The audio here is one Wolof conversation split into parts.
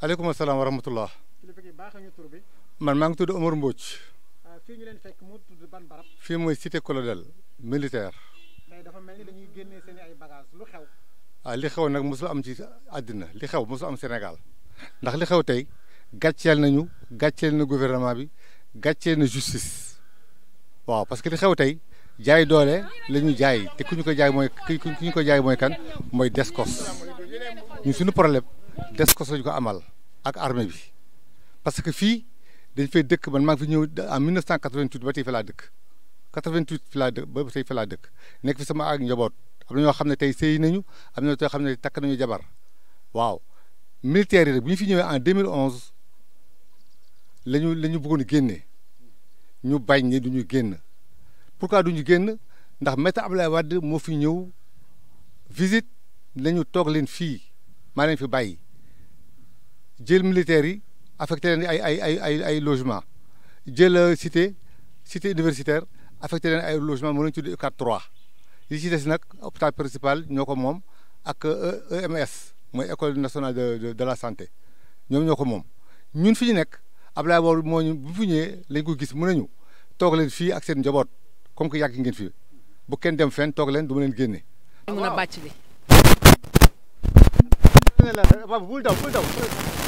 aleykum salaam wa rahmatullah man maa ngi tudd Omar Mbodj. Ah, fii tudd ban barab. fii mooy cité colonel militaire. dafa mel ah, li xew nag mosul am ci àddina li xew mosul am Sénégal ndax li xew tey gàcceel nañu gàcceel na gouvernement bi gàcceel na justice waaw parce que li xew tey jaay doole la ñu jaay te ku ñu ko jaay mooy ku ñu ko jaay mooy kan mooy Descos ñu suñu problème. des ko suñ ko amal ak armée bi parce que fii dañ fay dëkk man maa fi ñëw en 1988 ba tey fa laa dëkk 88 fi laa dëkk ba tey fa laa dëkk nekk fi sama ak njaboot am na ñoo xam ne tey sëy nañu am na ñoo xam ne takk nañu jabar waaw militaires yi rek bu ñu fi ñëwee en 2011 la ñu la ñu bëggoon génne ñu bañ ne du ñu génn pourquoi du ñu génn ndax maître Abdoulaye Wade moo fi ñëw visite la ñu toog leen fii maa leen fi bàyyi. jël militaires yi affecté leen ay ay ay ay ay logement jël site euh, cité universitaire affecté leen ay logement mën nañu tudd UCAD 3 li ci des nag hôpital principal ñoo ko moom ak EMS euh, e mooy école nationale de de la santé ñoom ñoo ko moom ñun fi ñu nekk Abdoulaye Wade moo ñu bu fi ñëwee lañ ko gis mën nañu toog leen fii ak seen njaboot comme que yàgg ngeen fii bu kenn dem fen toog leen du ma leen génne. mën a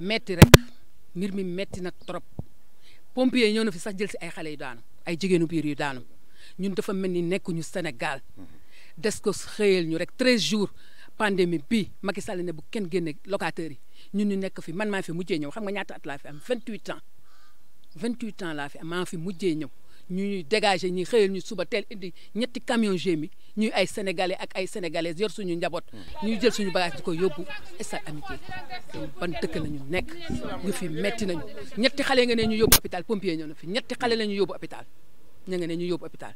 metti rek mbir mi metti na trop pompier ñëw na fi sax jël si ay xale yu daanu ay jigéenu biir yu daanu ñun dafa mel ni nekkuñu Sénégal des ko xëyal ñu rek treize jours pandémie bi Macky Sall ne bu kenn génne locataires yi ñun ñu nekk fi man maa fi mujjee ñëw xam nga ñaata at laa fi am vingt huit ans vingt huit ans laa fi am maa fi mujjee ñëw ñuy dégagé ñi xëyal ñu suba teel indi ñetti camion gémi ñu ay sénégalais ak ay sénégalaises yor suñu njaboot. ñu jël suñu bagage di ko yóbbu stade amitié ban dëkk la ñu nekk ñu fi metti nañu ñetti xale nga ne ñu yóbbu hôpital pompier ño na fi ñetti xale la ñu yóbbu hôpital ñu nga ne ñu yóbbu hôpital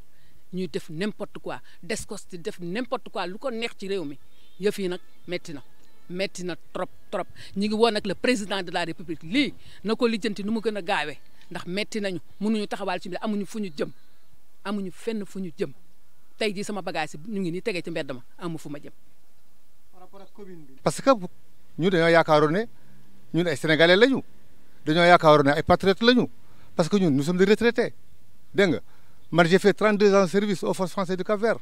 ñuy def n'importe quoi descos di def n'importe quoi lu ko neex ci réew mi yëf yi nag metti na metti na trop trop ñu ngi woon nag le président de la république lii na ko lijjanti nu mu gën a gaawee. ndax metti nañu mënuñu taxawaal ci mbir amuñu fu ñu jëm amuñu fenn fu ñu jëm tey jii sama bagage ñu ngi nii tegee ci mbedd ma amu fu ma jëm. par rapport ak parce que ñu dañoo yaakaaroon ne ñun ay sénégalais lañu dañoo yaakaaroon ne ay patriotes lañu parce que ñun nous sommes des retraités dégg nga man j'ai fait 32 ans service aux forces françaises du Cap-Vert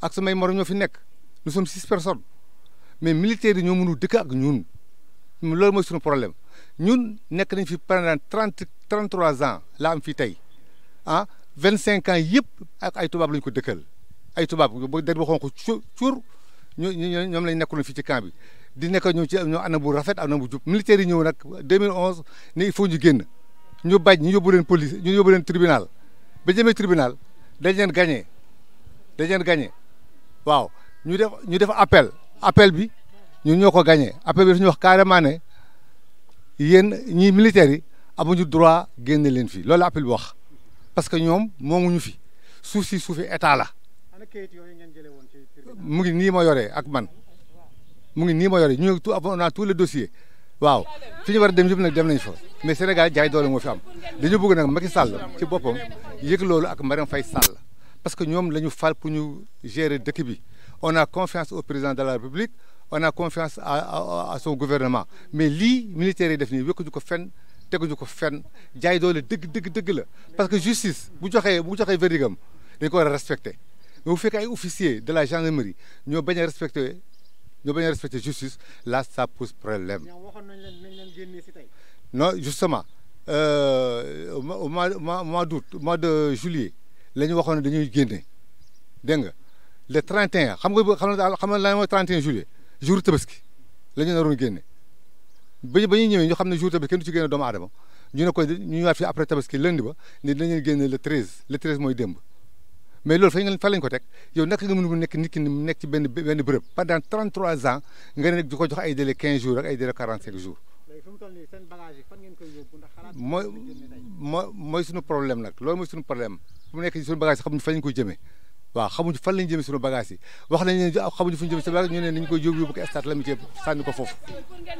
ak samay morom ñoo fi nekk nous sommes six personnes mais militaires yi ñoo mënul dëkk ak ñun loolu mooy suñu problème. ñun nekk nañ fi pendant trente trent trois ans la am fii tey ah vingt cinq ans yëpp ak ay tubaab lañ ko dëkkal ay tubaab boo déggoo waxoon ko cu cuur ñu ñu ñoom lañ nekkoon fii ci camp bi di nekk ñu ci ñu anam bu rafet anam bu jub militaire yi ñëw nag 2011 ne il faut ñu génn ñu bañ ñu yóbbu leen police ñu yóbbu leen tribunal ba jëmee tribunal dañ leen gagné dañ leen gagné waaw ñu def ñu def appel appel bi ñun ñoo ko gagné appel bi dafa ñu wax carrément ne. yéen ñii militaires yi amuñu droit génne leen fii loolu appel bi wax parce que ñoom moomuñu fi suuf si suufi état la mu ngi nii ma yoree ak man mu ngi nii ma yore ñu tu tout on a tous les dossiers waaw fi ñu war a dem yëpp nag dem nañ fa mais Sénégal jaay doole moo fi am dañu bëgg nag Macky Sall ci boppam yëg loolu ak Marième Faye Sall parce que ñoom la ñu fal pour ñu gérer dëkk bi on a confiance au président de la République on a confiance à à à son gouvernement mais lii militaires yi def nii wékkuñu ko fen teguñu ko fen jaay doole dëgg dëgg dëgg la parce que justice bu joxee bu joxee verdigam dañ ko war a respecté mais bu fekkee ay officiers de la gendarmerie ñoo bañ a respecté ñoo bañ a respecté justice la ça pose problème. ñoom waxoon nañ leen nañ leen génnee si tey. non justement euh, au mois mois mois de juillet la ñu waxoon dañuy génne dégg nga le 31 xam nga xam nga xam nga lan mooy juillet. jour tabaski la ñu naroon génne ba ba ñuy ñëwee xam ne jour tabaski kenn du ci génne doomu aadama ñu ne ko ñu ñëwaat fii après tabaski lundi ba ne dinañu génne le treize le treize mooy demb mais loolu fa nga fa ko teg yow naka nga mën nekk nit mu nekk ci benn benn bërëb pendant 33 ans nga ne di ko jox ay délai 15 jours ak ay délai 45 jours. mooy mooy sunu problème nag loolu mooy sunu problème fu mu nekk suñu bagage xam ñu fa ñu ko jëmee. waaw xamuñu fan lañ jëmee suñu bagage yi wax nañ ne ah, xamuñu ñu jëmee ñu ne nañ koy yóbbu yóbbu ko stade Lamine Gueye sànni ko foofu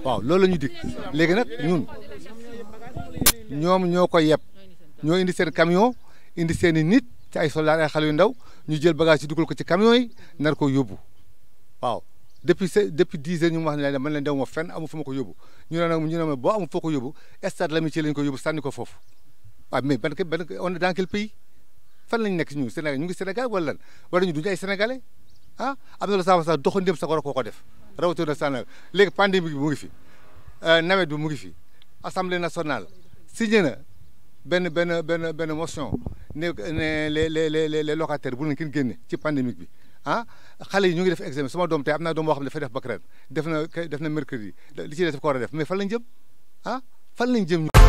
waaw loolu la ñu dig léegi nag ñun ñoom ñoo koy yeb ñoo indi seen camion indi seen i nit ci ay soldaar ay xale yu ndaw ñu jël bagage yi dugal ko ci camion yi nar ko yóbbu waaw depuis se depuis dix heures ñu wax ne man leen dew ma fenn amu fu ma ko yóbbu ñu ne nag ñu ne ma boo amu foo ko yóbbu stade Lamine Gueye lañ ko yóbbu sànni ko foofu waaw mais ban ban on est dans quel pays fan lañ nekk si ñu Sénégal ñu ngi Sénégal ñu duñu ay ah, am na la sax sax doxandéem sax war a koo ko def rawatina Sénégal léegi pandémie bi mu ngi fi euh, nawet bi mu ngi fi assemblée nationale signé na benn benn benn benn motion ne ne le les les les locataires bu leen kenn génne ci pandémie bi ah xale yi ñu ngi def examen sama doom tey am naa doom boo xam def bac ren def na def mercredi li ci des war a def mais fan lañ jëm ah fan jëm.